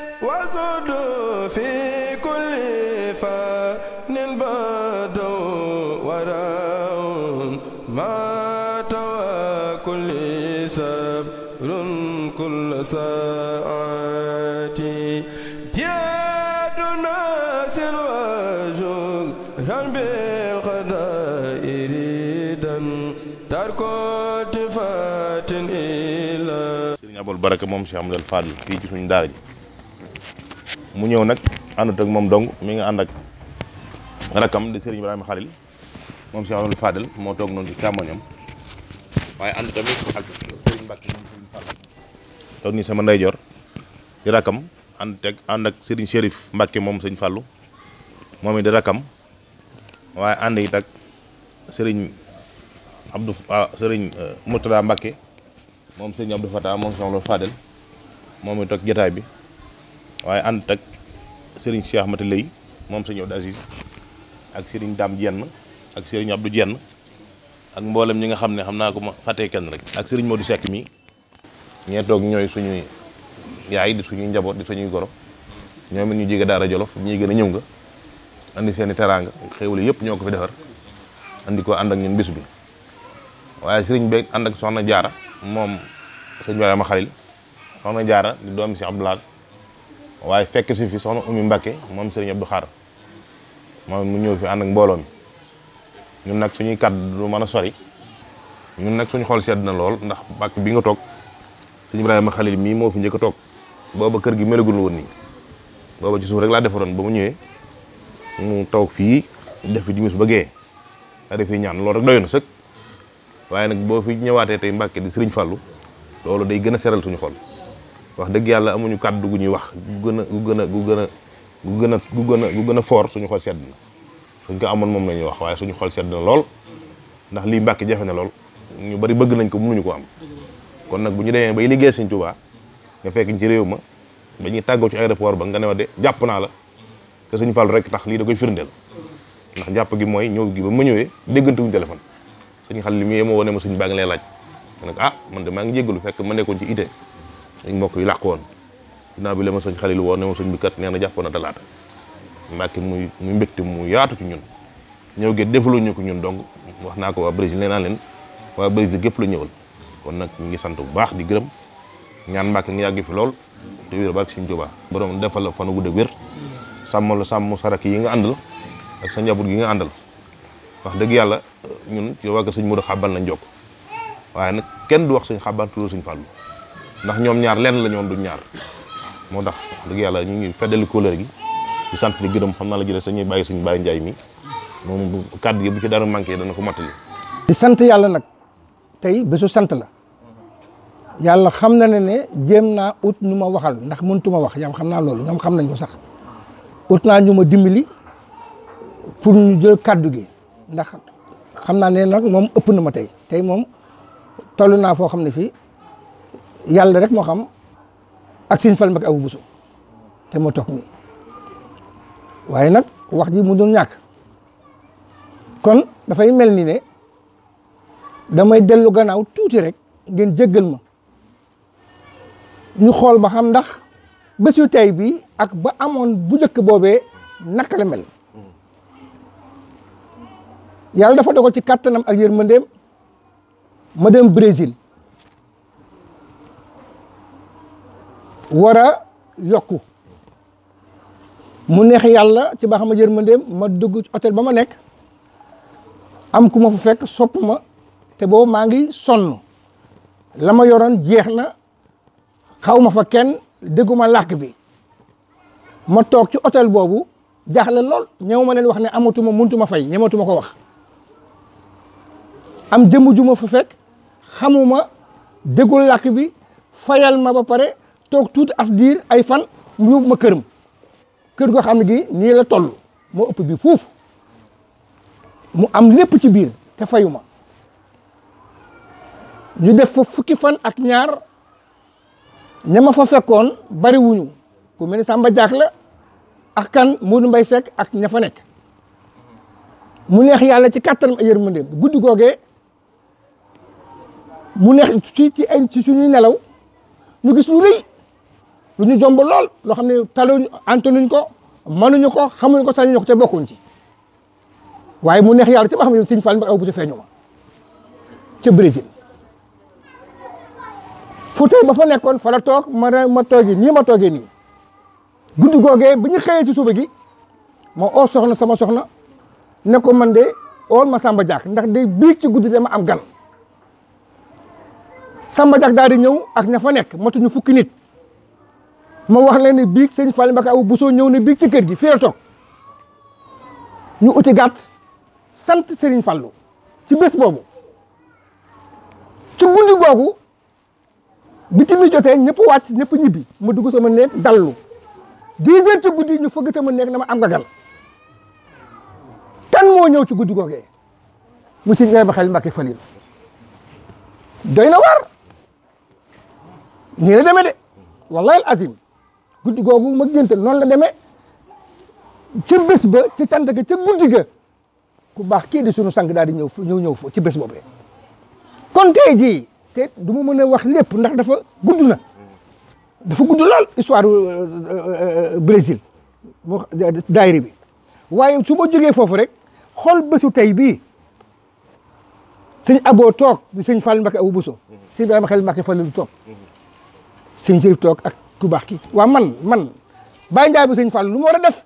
وزدوا في كل فن بدوا وراء مات وكل سبر كل ساعة جاد ناس وجوه بالغداء ريدا تركوا تفات إلى Serigne Abol Baraka moom Cheikh Amadou Fall fii ci suñu daara ji mu ñëw nag àndut ak moom dong mi ngi ànd ak rakam di Serigne Ibrahima Khalil moom moo toog noonu ci càmmoñam waaye ànd tamit ak Serigne Mbacke moom Serigne Fall toog nii moom it di rakam waaye ànd it ak sëriñ Abdou ah, Serigne euh, Murtada Mbacke moom Serigne Abdou Fatah moom Cheikh Amadou Fadel moom it toog jotaay bi. waaye ànd ak sëriñ Cheikh Mata Lay moom sëñ Abdou Aziz ak sëriñ Dame Jenn ak sëriñ du Jenn ak mboolem ñi nga xam ne xam naa ko ma fàtte kenn rek ak sëriñ Modou sekk mi ñee toog ñooy suñuy yaay di suñuy njaboot di ñuy goro ñoom it ñu jege daara Jolof ñii gën a ñëw nga andi seen i teraanga xéwale yëpp ñoo ko fi defar andi ko ànd ak ñun bis bi waaye sëriñ beeg ànd ak soxna jaara moom sëñ Barama Xalil soxna jaara di doomi si Abdoulaye waaye fekk si fi soxna Oumy Mbacké moom sëriñ Abdou Khadr moom mu ñëw fi ànd ak mbooloom mi ñun nag suñuy kàddu du man a sori ñun nag suñu xool sedd na lool ndax bàkk bi nga toog sëñ Ibrahima Khalil mii moo fi njëkk a toog booba kër gi melagul woon nii booba ci suuf rek laa defaroon ba mu ñëwee mu toog fii def fi dimis ba gee daa defee ñaan loolu rek doy na sëkk waaye nag boo fi ñëwaatee tey Mbacké di sëriñ fàllu loolu day gën a seral suñu xol wax dëgg yàlla amuñu kàddu gu ñuy wax gu gën a gu gën a gu gën a gu gën a gu gën a gën a suñu xol sedd na suñ ko amoon moom la ñuy wax waaye suñu xool sedd na lool ndax lii mbàkki jafe na lool ñu bari bëgg nañ ko mënuñu ko am kon nag bu ñu demee bay liggéey Sëñ Tuubaa nga fekk ci réew ma ba tàggoo ci aéroport ba nga ne wa jàpp naa la te Sëñ Fallu rek tax lii da koy firndeel jàpp gi mooy ñëw gi ba ma ñëwee déggantewuñu téléphone suñu xal li mu yemoo wane ma suñ baa ngi lay laaj nag ah man de maa ngi jéggalu fekk ma nekkoon ci ite dañ mbokk yi làqu woon ginnaaw bi la ma sëñ Xalil woon ne ma sëñ bi kat nee na jàppoon na talaata Mbàkke muy muy mbégte mu yaatu ci ñun ñëw ge defaloo ñu ko ñun donc wax naa ko waa Brésil nee naa leen waa Brésil gépp la ñëwal kon nag ñu ngi sant bu baax di gërëm ñaan Mbàkke nga yàgg fi lool te wér barke Sëñ Tuubaa borom defal la fan wu gudd ak wér sàmm la sàmm sarak yi nga àndal ak sa njaboot gi nga àndal wax dëgg yàlla ñun ci waa kër sëñ Modou xabban lañ jokk waaye nag kenn du wax sëñ xabban tuddoo sëñ Fallou ndax ñoom ñaar leen la ñoon du ñaar moo tax dugg yàlla ñu ngi feddali couleur gi di sant di gërëm xam naa la jëlee sañuy bàyyi suñu bàyyi njaay mi moom bu kàddu gi bu ci dara manqué dana ko mottali di sant yàlla nag tey bésu sant la yàlla xam na ne ne jéem naa ut nu ma waxal ndax mëntuma wax yam xam naa loolu ñoom xam nañ ko sax ut naa ñu ma dimbali pour ñu jël kàddu gi ndax xam naa ne nag moom ëpp na ma tey tey moom toll naa foo xam ne fii yàlla rek moo xam ak Sëñ Fallu Mbàkke Awa te moo toog nii waaye nag wax ji mu dul ñàkk kon dafay mel ni ne damay dellu gannaaw tuuti rek ngeen jéggal ma ñu xool ma xam ndax bésu tey bi ak ba amoon bu njëkk boobee naka la mel yàlla dafa dogal ci kàttanam ak yërmandeem ma dem Brésil war a yokku mu neex yàlla ci baaxam a yërmandeem ma dugg ci hôtel ba ma nekk am kuma ma fa fekk sopp te boobu maa ngi sonn la ma yoroon jeex na xaw ma fa kenn dégguma làkk bi ma toog ci otel boobu jaaxle lool ñëw ma leen wax ne amatuma muntuma fay ñematuma ko wax am jëmm juma ma fa fekk xamuma déggul làkk bi fayal ma ba pare toog tuuti as diir ay fan mu yóbbu ma këram kër goo xam ne gi nii la toll moo ëpp bi fuuf mu am lépp ci biir te fayu ñu def fa fukki fan ak ñaar ña foo fekkoon bari wuñu ku mel ni Samba Diak la ak kan Modou Mbaye Seck ak ña fa nekk mu neex yàlla ci kattanam ak yërmandeem guddi googee mu neex ci ci ay nelaw ñu gis lu rëy lu ñu jomb lool loo xam ne taluñ antanuñ ko mënuñu ko xamuñ ko sañuñu ko te bokkuñ ci waaye mu neex yàlla ci ba xam ne Sëñ Fall Mbacké Abou Bousso feeñu ma ca Brésil nekkoon fa la toog ma ma toogee nii ma toogee nii guddi googee bi ñu xëyee ci suba gi ma oo sama soxna ne man de ool ma Samba Diak ndax day biig ci guddi dama am gal Samba Diak di ñëw ak ña fa nekk matuñu fukki nit ma wax leen ne biig sëñ Fall Mbacke Abou Bousso ñëw na biig ci kër gi fii la ñu uti gàtt sant Serigne Fallou ci bés boobu ci guddi googu bi timis jotee ñëpp wàcc ñëpp ñibbi ma dugg sama néeg dallu dix heures ci guddi ñu fëgg sama néeg na ma am nga tan kan moo ñëw ci guddi googee mu ci ñebe xel Mbacke Falil doy na waar nii la demee de wallahi azim guddi googu ma géntal noonu la demee ca bés ba ca cant ga ca guddi ga ku baax kii di sunu sang daal di ñëw ñëw ñëw fa ci bés boobu kon tey te du ma mën a wax lépp ndax dafa gudd na dafa gudd lool histoire euh, euh, Brésil moo euh, bi waaye su ma jógee foofu rek xool bésu tey bii sëñ boo toog di sëñ Fall Mbacké Abou Bousso sëñ Ibrahima Xalil Mbacké Fall lu toog sëñ Sërif toog ku baax ki waaw man man Baye Ndiaye bu sëñ Fall lu ma war a def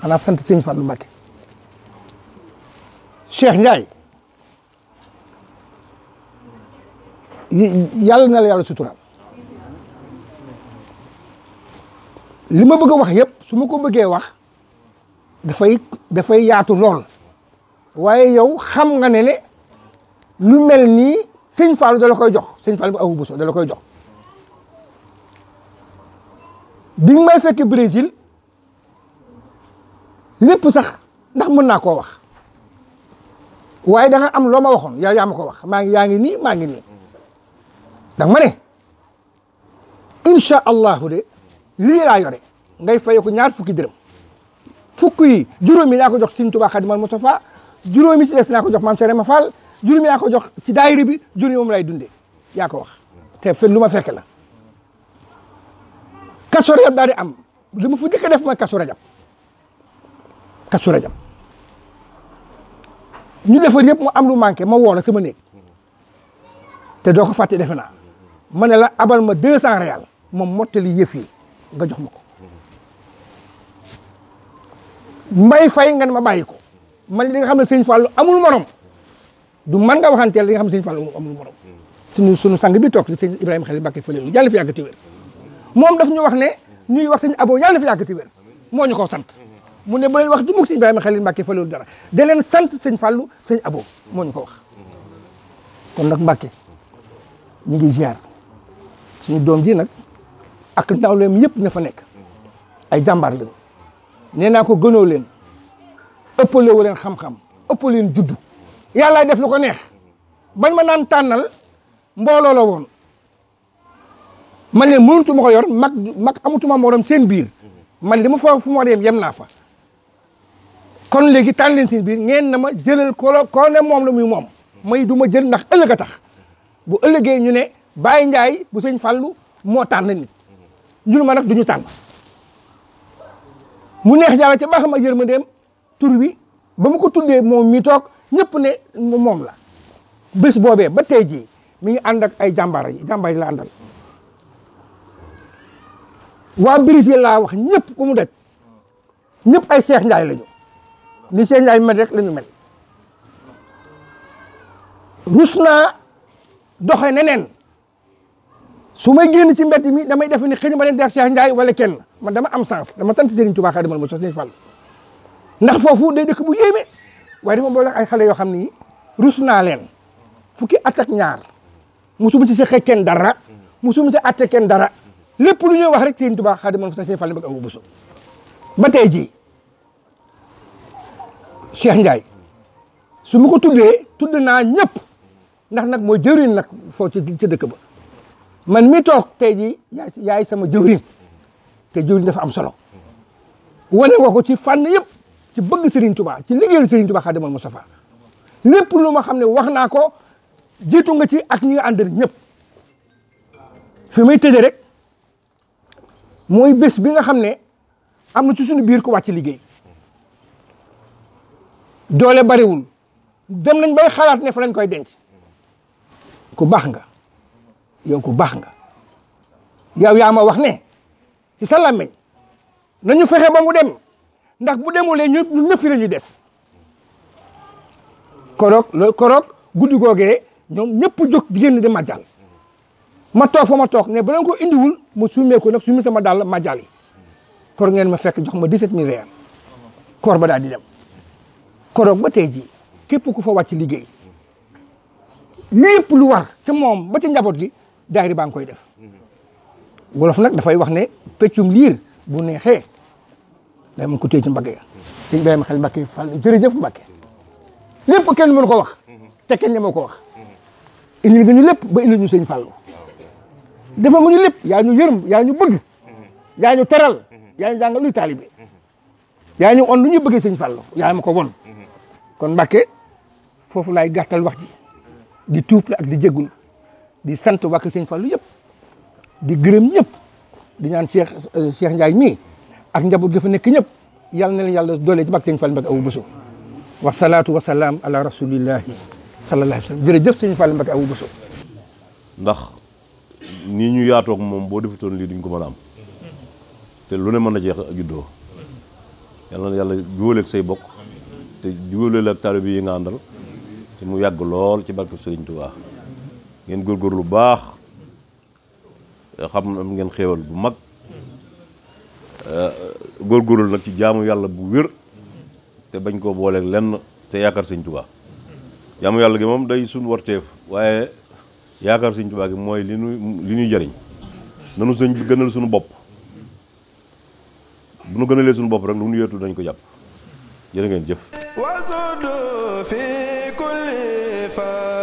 xanaa sant sëñ Fall Mbacke Cheikh Ndiaye yàlla na la yàlla suturaal li ma bëgg a wax yëpp su ma ko bëggee wax dafay dafay yaatu lool waaye yow xam nga ne ne lu mel nii sëñ Fallou da la koy jox sëñ Fallou bu awu bu so koy jox bi nga may fekk Brésil lépp sax ndax mën naa koo wax waaye da am loo ma waxoon yaa yaa ma ko wax maa ngi yaa ngi nii maa ngi nii danga ma ne incha allahu de lii laa yore ngay fay ko ñaar fukki dërëm fukk yi juróomi naa ko jox Sëriñ Tuubaa Xaadimal Mustafaa juróomi si des naa ko jox Maam Seere Ma Fall juróomi naa ko jox ci daayira bi juróomi moom lay dundee yaa ko wax te fen lu ma fekk la kasu rajab daal di am li ma fa njëkk a def mooy kasu rajab kasu rajab ñu defar yëpp mu am lu manqué ma woo la sama néeg te doo ko fàtte defe naa ma ne la abal ma deux cent réal moom mottali yëf yi nga jox ma ko mbay fay nga ne ma bàyyi ko man li nga xam ne sëñ Fallou amul morom du man nga waxanteel li nga xam ne sëñ Fallou amul morom suñu suñu sang bi toog di sëñ Ibrahima Khalil Mbacké fële lu jàll fi yàgg moom daf ñu wax ne ñuy wax sëñ aboo yàlla na fi yàgg ci wér moo ñu ko sant mu ne bu wax ju mukk si Ibrahima Khalil Mbacke fa loolu dara deleen sant sëñ Fallou sëñ aboo moo ñu ko wax kon nag Mbacke ñu ngi ziar suñu doom ji nag ak ndawleem yëpp ña fa nekk ay jàmbaar lañu nee naa ko gënoo leen ëppale leen xam-xam ëppale leen juddu yàlla def lu ko neex bañ ma naan tànnal mbooloo la woon man leen mënutu ma ko yor mag mag amatuma morom seen biir man li ma foo fu ma dem yem naa fa kon léegi tànn leen seen biir ngeen na ma jëlal kolo ko ne moom la muy moom may du ma jël ndax ëllëg a tax bu ëllëgee ñu ne Baye Ndiaye bu sëñ Fallu moo tànn nit ñun ma nag duñu tànn mu neex yàlla ca baax ma yërmandeem tur bi ba mu ko tuddee moom mi toog ñëpp ne moom la bés boobee ba tey jii mi ngi ànd ak ay jàmbaar yi jàmbaar yi la àndal waa Brésil laa wax ñëpp ku mu daj ñëpp ay Cheikh Ndiaye lañu ni Cheikh Ndiaye mel rek la ñu mel naa doxe neneen su may génn ci mbedd mi damay def ni xëy na ma leen def Cheikh Ndiaye wala kenn man dama am sens dama sant Serigne Touba Xaadimu ma sox Serigne Fall ndax foofu day dëkk bu yéeme waaye dama boole ay xale yoo xam ni rus naa leen fukki at ak ñaar musuma ci seqee kenn dara musuma ci atte kenn dara lépp lu ñuy wax rek Serigne Touba Xaadimu Rasuul Serigne Fallou Mbacké Abou Bousso ba tey jii Cheikh Ndiaye su ma ko tuddee tudd naa ñëpp ndax nag mooy jëwriñ nag foo ci ci dëkk ba man mi tey jii yaay sama jëwriñ te jëwriñ dafa am solo wane nga ko ci fànn yëpp ci bëgg Serigne Touba ci liggéeyal Serigne Touba Xaadimu Moustapha lépp lu ma xam ne wax naa ko jiitu nga ci ak ñi nga àndal ñëpp fi may tëjee rek. mooy bés bi nga xam ne am na ci suñu biir ku ko ci liggéey doole bariwul dem nañ bay xalaat ne fa lañ koy denc ku baax nga yow ku baax nga yow yaa wax ne ci sa làmmiñ nañu fexe ba mu dem ndax bu demulee ñu ñu ñëpp fi la ñu des korok lo korok guddi googee ñoom ñëpp jóg di génn di màjjal ma toog fa ma toog ne ba leen ko indiwul ma suumee ko nag suumee sama dàll ma jàll kor ngeen ma fekk jox ma di 17000 réer koor ba daal di dem koroog ba tey jii képp ku fa wàcc liggéey lépp lu war ca moom ba ci njaboot gi daayira baa ngi koy def wolof nag dafay wax ne peccum liir bu neexee day mën ko téye ci mbagge ya sëñ Ibrahima Xalil Mbàkke Fall jërëjëf Mbàkke kenn mënu ko wax te kenn ma ko wax indil ñu lépp ba indil ñu sëñ Fallu defal nga ñu lépp yaa ñu yërëm yaa ñu bëgg mm-hmm. yaa ñu teral yaa ñu jàngal luy taalibe mm-hmm. yaa ñu on lu bëggee sëñ Fallou yaa ma ko won mm-hmm. kon Mbàkke foofu laay gàttal wax di tuub ak di jégul di sant waa kër sëñ Fallou yëpp di gërëm ñëpp di ñaan Cheikh euh, Cheikh Ndiaye mii ak njaboot ga fa nekk ñëpp yàlla na leen yàlla doole ci bàkk sëñ Fallou Mbacké Abou Bousso wa salaatu wa salaam ala rasulillahi sallallahu nii ñu yaatoog moom boo defutoon lii duñ ko mën a am te lu ne mën a jeex juddoo yàlla na yàlla juwaleeg say bokk te juwaleel la taalibe yi nga àndal te mu yàgg lool ci barke Sëriñ Tuubaa ngeen góorgóor lu baax xam am ngeen xéewal bu mag góorgóorlu nag ci jaamu yàlla bu wér te bañ koo booleeg lenn te yaakaar Sëriñ Tuubaa jaamu yàlla gi moom day suñ warteef waaye yaakaar suñ Tuubaa gi mooy li nu li ñuy jëriñ nanu sëñ bi gënal suñu bopp bu nu gënalee suñu bopp rek lu nu yeetu dañ ko jàpp jërë ngeen jëf fi kulli fa